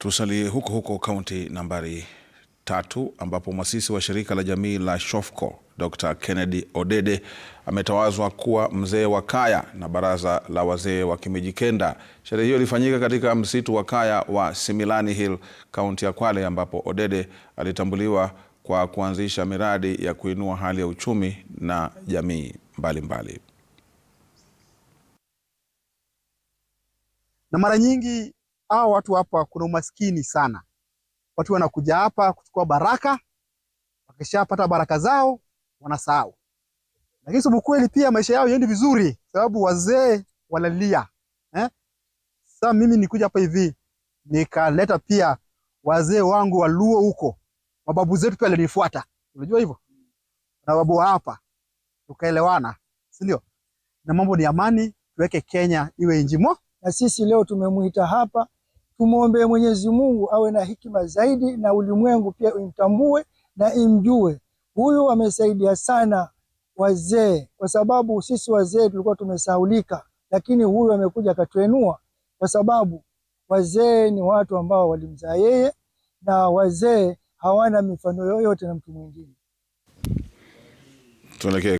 Tusalie huko huko kaunti nambari tatu ambapo mwasisi wa shirika la jamii la SHOFCO Dr. Kennedy Odede ametawazwa kuwa mzee wa kaya na baraza la wazee wa Kimijikenda. Sherehe hiyo ilifanyika katika msitu wa kaya wa Similani Hill, kaunti ya Kwale, ambapo Odede alitambuliwa kwa kuanzisha miradi ya kuinua hali ya uchumi na jamii mbalimbali mbali. Na mara nyingi hawa watu hapa kuna umaskini sana. Watu wanakuja hapa kuchukua baraka, wakishapata baraka zao wanasahau. Lakini sababu kweli pia maisha yao yaendi vizuri, sababu wazee walalia eh? Sasa mimi nikuja hapa hivi nikaleta pia wazee wangu waluo huko, mababu zetu pia walinifuata, unajua hivyo na babu hapa, tukaelewana, si ndio? Na mambo ni amani, tuweke Kenya iwe injimo, na sisi leo tumemuita hapa Tumwombee Mwenyezi Mungu awe na hikima zaidi na ulimwengu pia imtambue na imjue. Huyu amesaidia sana wazee, kwa sababu sisi wazee tulikuwa tumesahulika, lakini huyu amekuja akatuenua, kwa sababu wazee ni watu ambao walimzaa yeye, na wazee hawana mifano yoyote na mtu mwingine. Tuelekee